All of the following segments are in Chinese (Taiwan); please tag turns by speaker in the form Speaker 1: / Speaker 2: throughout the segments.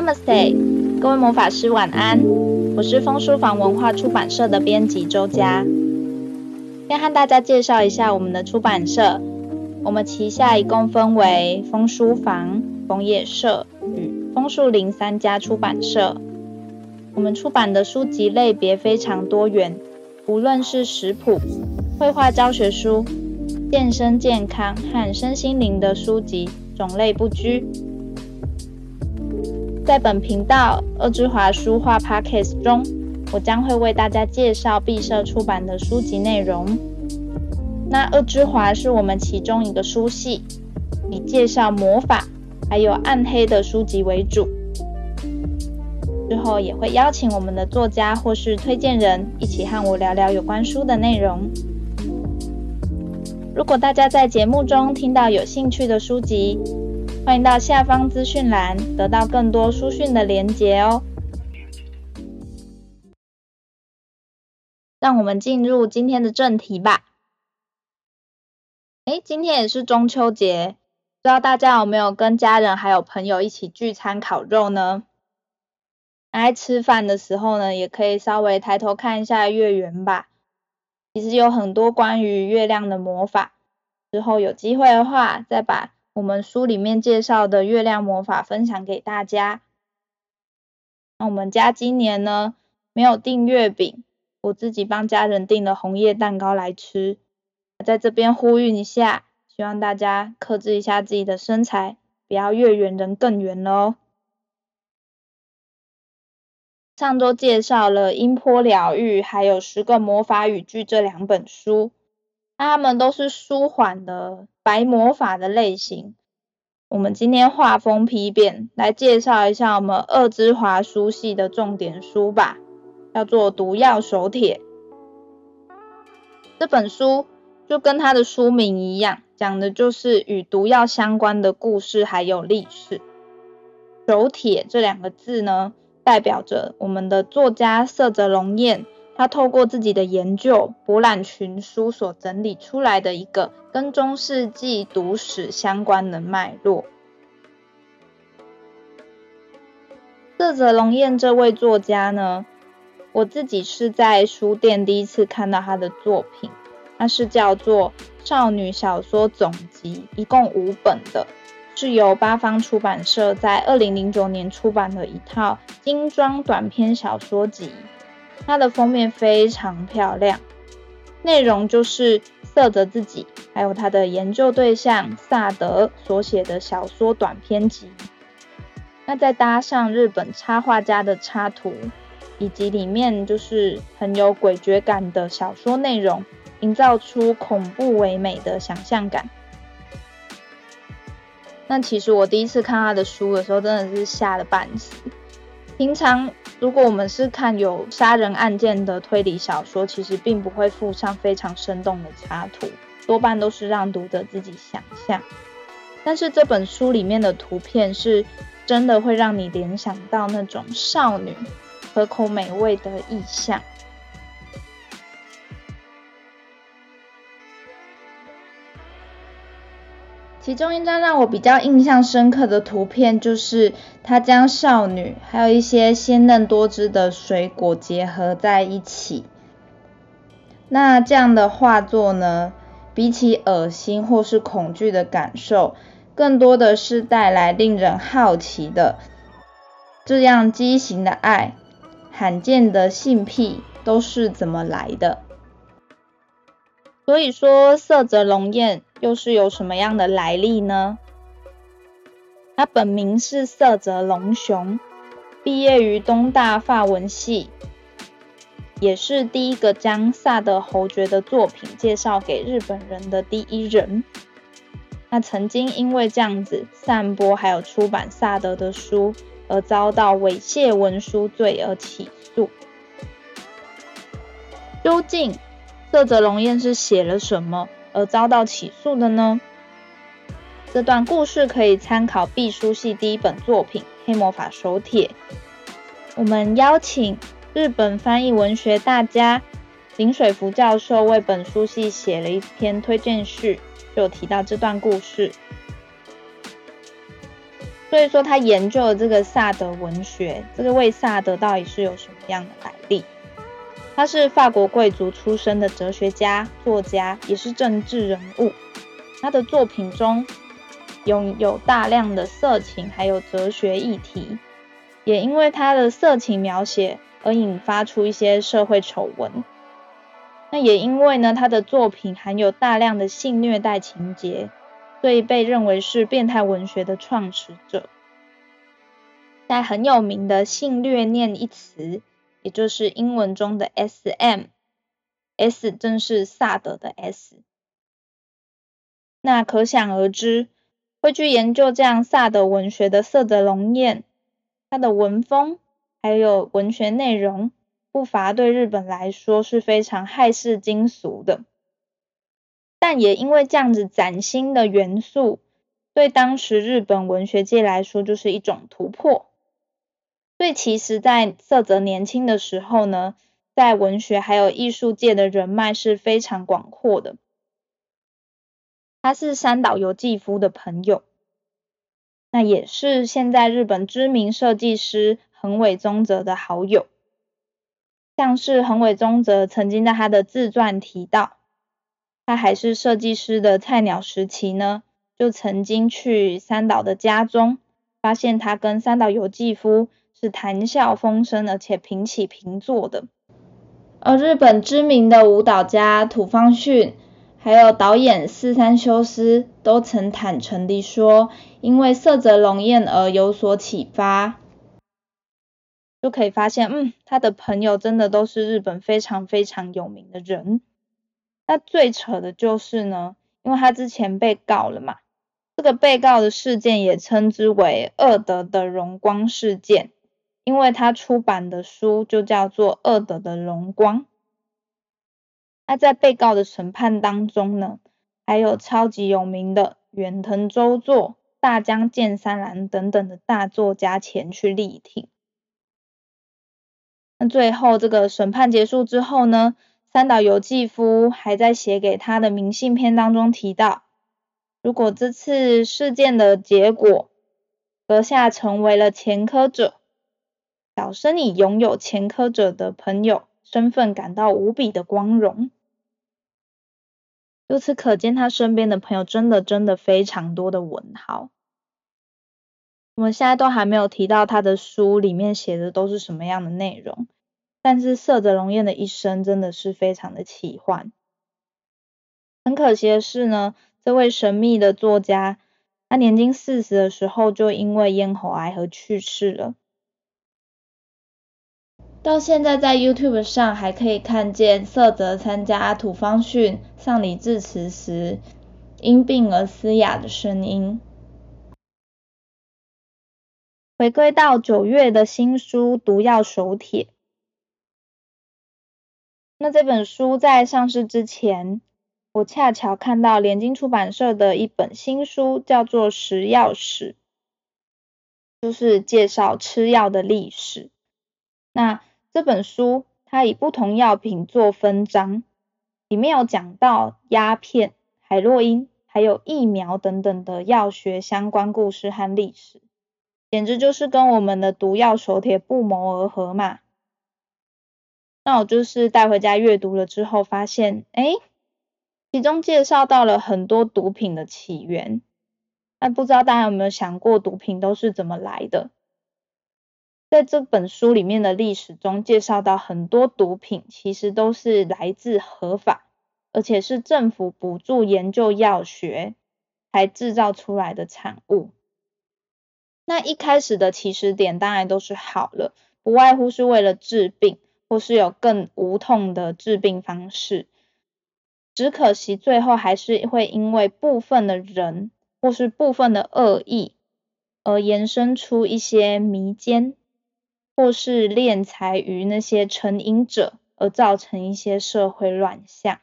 Speaker 1: Namaste，各位魔法師晚安。我是楓書坊文化出版社的編輯周佳。先和大家介紹一下我們的出版社。我們旗下一共分為楓書坊、楓葉社與楓樹林三家出版社。我們出版的書籍類別非常多元，無論是食譜、繪畫教學書、健身健康和身心靈的書籍，種類不拘。在本頻道“惡之華書話 Podcast 中，我將會為大家介紹敝社出版的書籍內容。那惡之華是我們其中一個書系，以介紹魔法還有暗黑的書籍為主。之後也會邀請我們的作家或是推薦人一起和我聊聊有關書的內容。如果大家在節目中聽到有興趣的書籍，歡迎到下方資訊欄得到更多書訊的連結哦。讓我們進入今天的正題吧。誒，今天也是中秋節，不知道大家有沒有跟家人還有朋友一起聚餐烤肉呢？來吃飯的時候呢，也可以稍微抬頭看一下月圓吧。其實有很多關於月亮的魔法，之後有機會的話再把。我們書裡面介紹的月亮魔法分享給大家。那我們家今年呢，沒有訂月餅，我自己幫家人訂了紅葉蛋糕來吃。在這邊呼籲一下，希望大家克制一下自己的身材，不要月圓人更圓哦。上周介紹了音波療癒，還有十個魔法語句這兩本書，它們都是舒緩的，白魔法的類型，我們今天畫風丕變，來介紹一下我們惡之華書系的重點書吧，叫做《毒藥手帖》。這本書就跟它的書名一樣，講的就是與毒藥相關的故事，還有歷史。手帖這兩個字呢，代表着我們的作家澀澤龍彥。他透過自己的研究、博覽群書所整理出來的一個跟中世紀毒史相關的脈絡。澀澤龍彥這位作家呢，我自己是在書店第一次看到他的作品，那是叫做《少女小說總集》，一共五本的，是由八方出版社在二零零九年出版的一套精裝短篇小說集。它的封面非常漂亮，內容就是澀澤自己還有他的研究對象薩德所寫的小說短篇集。那再搭上日本插畫家的插圖，以及裡面就是很有詭譎感的小說內容，營造出恐怖唯美的想象感。那其實我第一次看他的書的時候，真的是嚇得半死。平常。如果我們是看有殺人案件的推理小說，其實並不會附上非常生動的插圖，多半都是讓讀者自己想象。但是這本書裡面的圖片是真的會讓你聯想到那種少女可口美味的意象。其中一張讓我比較印象深刻的圖片，就是她將少女還有一些鮮嫩多汁的水果結合在一起。那這樣的畫作呢，比起惡心或是恐懼的感受，更多的是帶來令人好奇的，這樣畸形的愛、罕見的性癖都是怎麼來的？所以說，澀澤龍彥。又是有什麼樣的來歷呢？他本名是澀澤龍雄，畢業於東大法文系，也是第一個將薩德侯爵的作品介紹給日本人的第一人。他曾經因為這樣子散播還有出版薩德的書而遭到猥褻文書罪而起訴。究竟澀澤龍彥是寫了什麼？而遭到起訴的呢？這段故事可以參考敝書系第一本作品《黑魔法手帖》。我們邀請日本翻譯文學大家林水福教授為本書系寫了一篇推薦序，就有提到這段故事。所以說，他研究了這個薩德文學，這個為薩德到底是有什麼樣的來？他是法國貴族出身的哲學家、作家，也是政治人物。他的作品中擁有，有大量的色情，還有哲學議題，也因為他的色情描寫而引發出一些社會醜聞。那也因為呢，他的作品含有大量的性虐待情節，所以被認為是變態文學的創始者。在很有名的“性虐戀”一詞。也就是英文中的 SM, S M，S 正是薩德的 S。那可想而知，會去研究這樣薩德文學的澀澤龍彥、他的文風，還有文學內容，不乏對日本來說是非常駭世驚俗的。但也因為這樣子嶄新的元素，對當時日本文學界來說，就是一種突破。所以，其實，在澀澤年輕的時候呢，在文學還有藝術界的人脈是非常廣闊的。他是三島由紀夫的朋友，那也是現在日本知名設計師橫尾忠則的好友。像是橫尾忠則曾經在他的自傳提到，他還是設計師的菜鳥時期呢，就曾經去三島的家中，發現他跟三島由紀夫。是談笑風生，而且平起平坐的。而日本知名的舞蹈家土方巽，還有導演四三修斯，都曾坦誠地說，因為澀澤龍彥而有所啟發。就可以發現，嗯，他的朋友真的都是日本非常非常有名的人。那最扯的就是呢，因為他之前被告了嘛，這個被告的事件也稱之為惡德的榮光事件。因為他出版的書就叫做《惡德的榮光》，那在被告的審判當中呢，還有超級有名的遠藤周作、大江健三郎等等的大作家前去力挺。那最後這個審判結束之後呢，三島由紀夫還在寫給他的明信片當中提到，如果這次事件的結果，閣下成為了前科者，小生以擁有前科者的朋友身份，感到無比的光榮。由此可見，他身邊的朋友真的真的非常多的文豪。我們現在都還沒有提到他的書裡面寫的都是什麼樣的內容，但是澀澤龍彥的一生真的是非常的奇幻。很可惜的是呢，這位神秘的作家，他年近四十的時候就因為咽喉癌而去世了。到現在，在 YouTube 上還可以看見澀澤參加土方巽喪禮致辭時因病而嘶啞的聲音。回歸到九月的新書《毒藥手帖》，那這本書在上市之前，我恰巧看到聯經出版社的一本新書，叫做《食藥史》，就是介紹吃藥的歷史。那這本書它以不同藥品做分章，裡面有講到鴉片、海洛因，還有疫苗等等的藥學相關故事和歷史，簡直就是跟我們的毒藥手帖不謀而合嘛。那我就是帶回家閱讀了之後，發現誒，其中介紹到了很多毒品的起源。那不知道大家有沒有想過，毒品都是怎麼來的？在這本書裡面的歷史中，介紹到很多毒品其實都是來自合法，而且是政府補助研究藥學才製造出來的產物。那一開始的起始點當然都是好了，不外乎是為了治病，或是有更無痛的治病方式。只可惜最後還是會因為部分的人或是部分的惡意而延伸出一些迷姦。或是斂財於那些成癮者，而造成一些社會亂象。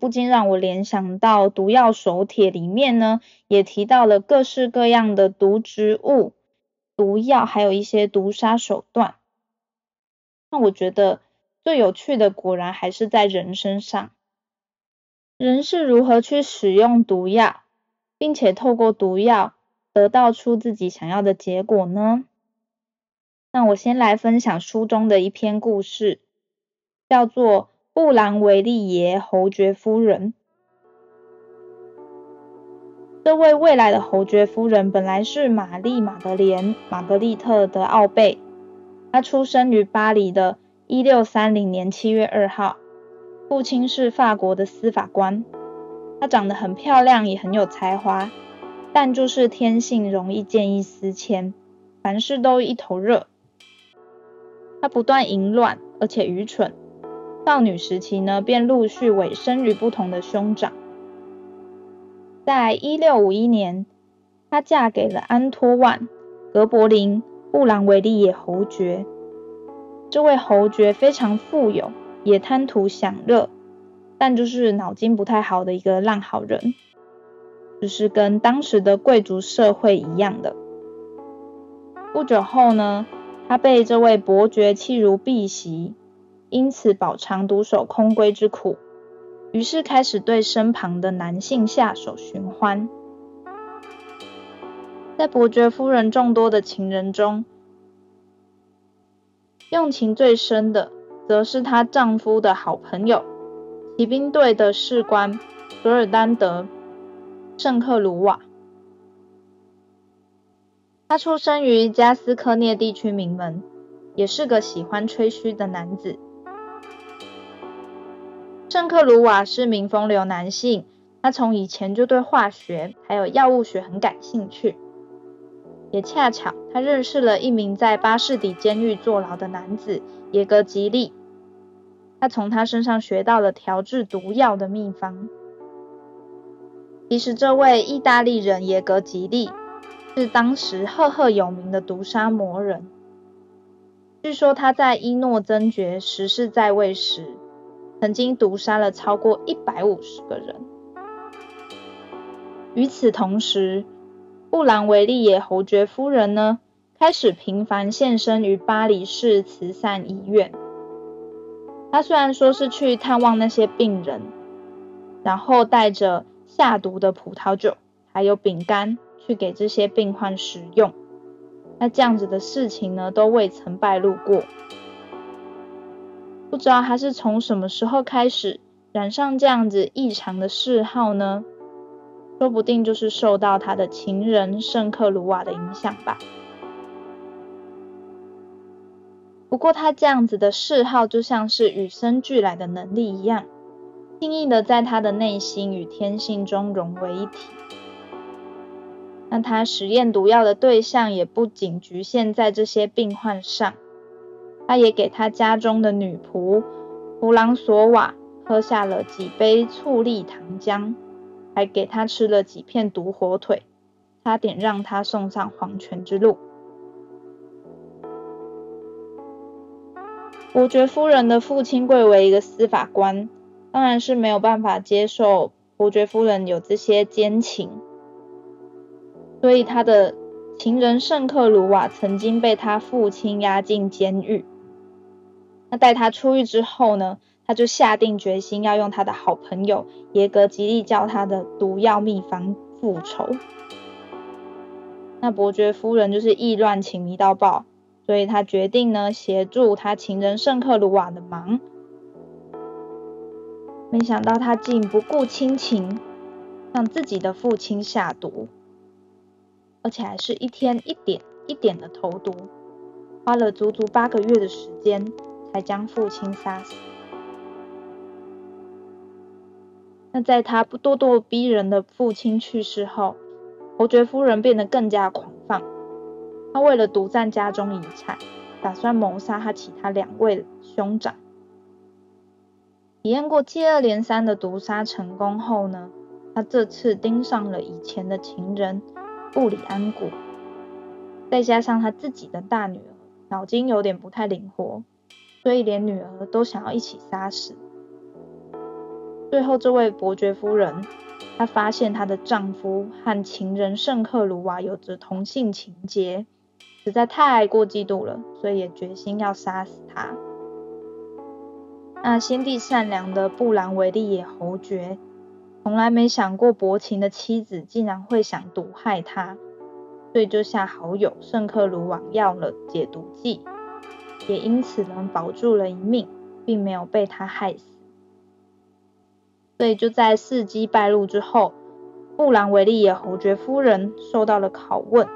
Speaker 1: 不禁讓我聯想到《毒藥手帖》裡面呢，也提到了各式各樣的毒植物、毒藥，還有一些毒殺手段。那我覺得最有趣的，果然還是在人身上。人是如何去使用毒藥，並且透過毒藥得到出自己想要的結果呢？那我先來分享書中的一篇故事，叫做《布蘭維利耶侯爵夫人》。這位未來的侯爵夫人本來是瑪麗·瑪德蓮·瑪格麗特·德·奧貝，她出生於巴黎的1630年7月2號，父親是法國的司法官。她長得很漂亮，也很有才華，但就是天性容易見異思遷，凡事都一頭熱。他不斷淫亂，而且愚蠢。少女時期呢，便陸續委身於不同的兄長。在1651年，她嫁給了安托萬·格柏林·布蘭維利耶侯爵。這位侯爵非常富有，也貪圖享樂，但就是腦筋不太好的一個爛好人，就是跟當時的貴族社會一樣的。不久後呢。她被這位伯爵棄如敝屣，因此飽嘗獨守空閨之苦，於是開始對身旁的男性下手尋歡。在伯爵夫人眾多的情人中，用情最深的，則是她丈夫的好朋友，騎兵隊的士官索爾丹德·聖克魯瓦。他出生於加斯科涅地區名門，也是個喜歡吹噓的男子。聖克魯瓦是名風流男性，他從以前就對化學還有藥物學很感興趣。也恰巧，他認識了一名在巴士底監獄坐牢的男子，耶格吉利。他從他身上學到了調制毒藥的秘方。其實，這位意大利人耶格吉利。是當時赫赫有名的毒殺魔人。據說他在伊諾增爵十世在位時，曾經毒殺了超過一百五十個人。與此同時，布蘭維利耶侯爵夫人呢，開始頻繁現身於巴黎市慈善醫院。他雖然說是去探望那些病人，然後帶着下毒的葡萄酒還有餅乾。去給這些病患使用，那這樣子的事情呢，都未曾敗露過。不知道他是從什麼時候開始染上這樣子異常的嗜好呢？說不定就是受到他的情人聖克魯瓦的影響吧。不過他這樣子的嗜好就像是與生俱來的能力一樣，輕易的在他的內心與天性中融為一體。但他實驗毒藥的對象也不僅局限在這些病患上，他也給他家中的女僕弗朗索瓦喝下了幾杯醋栗糖漿，還給他吃了幾片毒火腿，差點讓他送上黃泉之路。伯爵夫人的父親貴為一個司法官，當然是沒有辦法接受伯爵夫人有這些奸情。所以他的情人聖克魯瓦曾經被他父親押進監獄。那待他出獄之後呢，他就下定決心要用他的好朋友耶格吉利教他的毒藥秘方復仇。那伯爵夫人就是意亂情迷到爆，所以他決定呢，協助他情人聖克魯瓦的忙。沒想到他竟不顧親情，讓自己的父親下毒。而且還是一天一點一點的投毒，花了足足八個月的時間才將父親殺死。那在他不咄咄逼人的父親去世後，侯爵夫人變得更加狂放。他為了獨占家中遺產，打算謀殺他其他兩位兄長。體驗過接二連三的毒殺成功後呢，他這次盯上了以前的情人。布里安古，再加上他自己的大女兒，腦筋有點不太靈活，所以連女兒都想要一起殺死。最後，這位伯爵夫人，她發現她的丈夫和情人聖克魯瓦有着同性情結，實在太過嫉妒了，所以也決心要殺死他。那心地善良的布蘭維利耶侯爵。從來沒想過薄情的妻子竟然會想毒害他，所以就向好友聖克魯王要了解毒劑，也因此能保住了一命，並沒有被他害死。所以就在事跡敗露之後，布蘭維利耶侯爵夫人受到了拷問。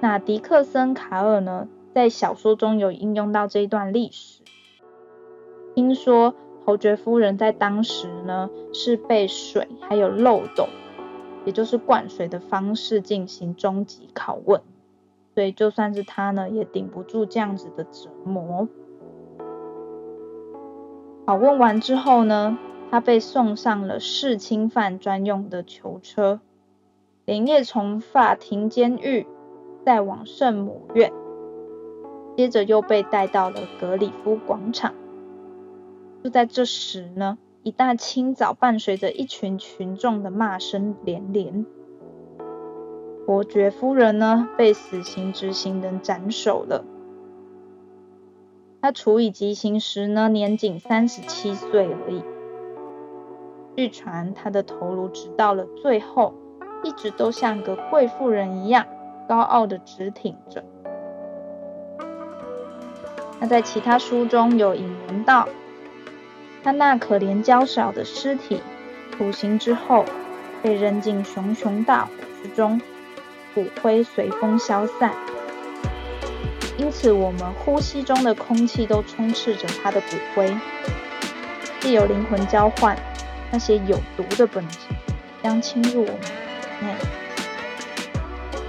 Speaker 1: 那迪克森·卡爾呢，在小說中有應用到這一段歷史。聽說。侯爵夫人在當時呢，是被水還有漏斗，也就是灌水的方式進行終極拷問，所以就算是她呢，也頂不住這樣子的折磨。拷問完之後呢，她被送上了弒親犯專用的囚車，連夜從法庭監獄再往聖母院，接着又被帶到了格里夫廣場。就在這時呢，一大清早，伴隨着一群群眾的罵聲連連，伯爵夫人呢被死刑執行人斬首了。她處以極刑時呢，年僅三十七歲而已。據傳，她的頭顱直到了最後，一直都像個貴婦人一樣，高傲的直挺着。他在其他書中有引言道：他那可憐嬌小的屍體，土刑之後，被扔進熊熊大火之中，骨灰隨風消散，因此我們呼吸中的空氣都充斥着他的骨灰。藉由靈魂交換，那些有毒的本質將侵入我們體內。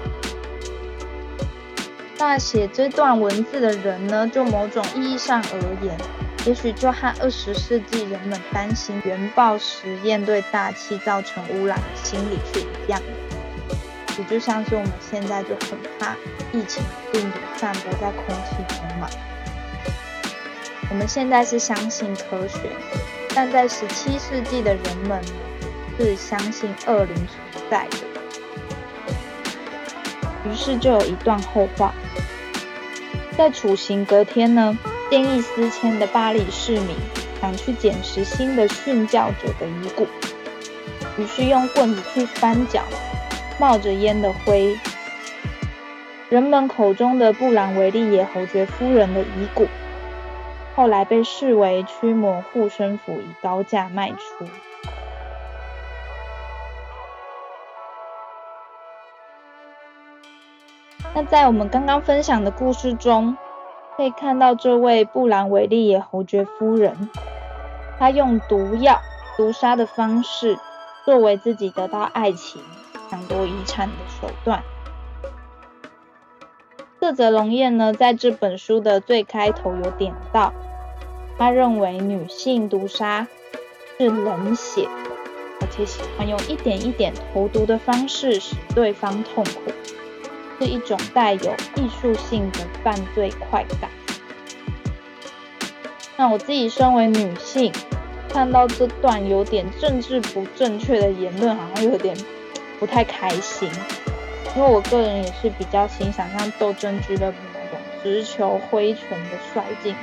Speaker 1: 那寫這段文字的人呢？就某種意義上而言。也許就和二十世紀人們擔心原爆實驗對大氣造成污染的心理是一樣的，也就像是我們現在就很怕疫情病毒散播在空氣中嘛。我們現在是相信科學，但在十七世紀的人們是相信惡靈存在的。於是就有一段後話，在處刑隔天呢。見異思遷的巴黎市民想去撿拾新的殉教者的遺骨，於是用棍子去翻攪冒着煙的灰。人們口中的布蘭維利耶侯爵夫人的遺骨，後來被視為驅魔護身符，以高價賣出。那在我們剛剛分享的故事中，可以看到這位布蘭維利耶侯爵夫人，她用毒藥毒殺的方式作為自己得到愛情、搶奪遺產的手段。澀澤龍彥呢，在這本書的最開頭有點到，他認為女性毒殺是冷血，而且喜歡用一點一點投毒的方式使對方痛苦。是一種帶有藝術性的犯罪快感。那我自己身為女性，看到這段有點政治不正確的言論，好像有點不太開心。因為我個人也是比較欣賞像鬥陣俱樂部那種直球揮拳的帥勁，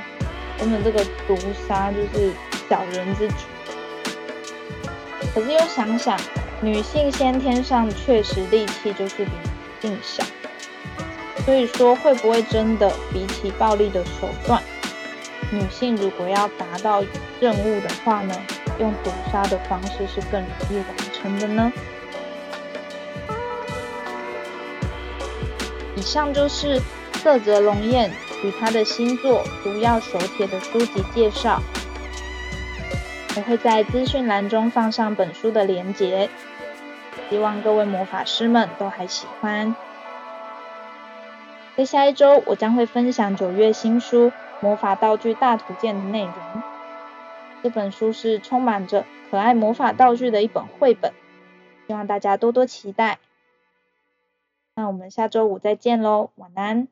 Speaker 1: 根本這個毒殺就是小人之舉。可是又想想，女性先天上確實力氣就是比男性小。所以說，會不會真的比起暴力的手段，女性如果要達到任務的話呢，用毒殺的方式是更容易完成的呢？以上就是澀澤龍彥與他的新作《毒藥手帖》的書籍介紹，我會在資訊欄中放上本書的連結，希望各位魔法師們都還喜歡。在下一週，我將會分享九月新書《魔法道具大圖鑑》的內容。這本書是充滿着可愛魔法道具的一本繪本，希望大家多多期待。那我們下周五再見嘍，晚安。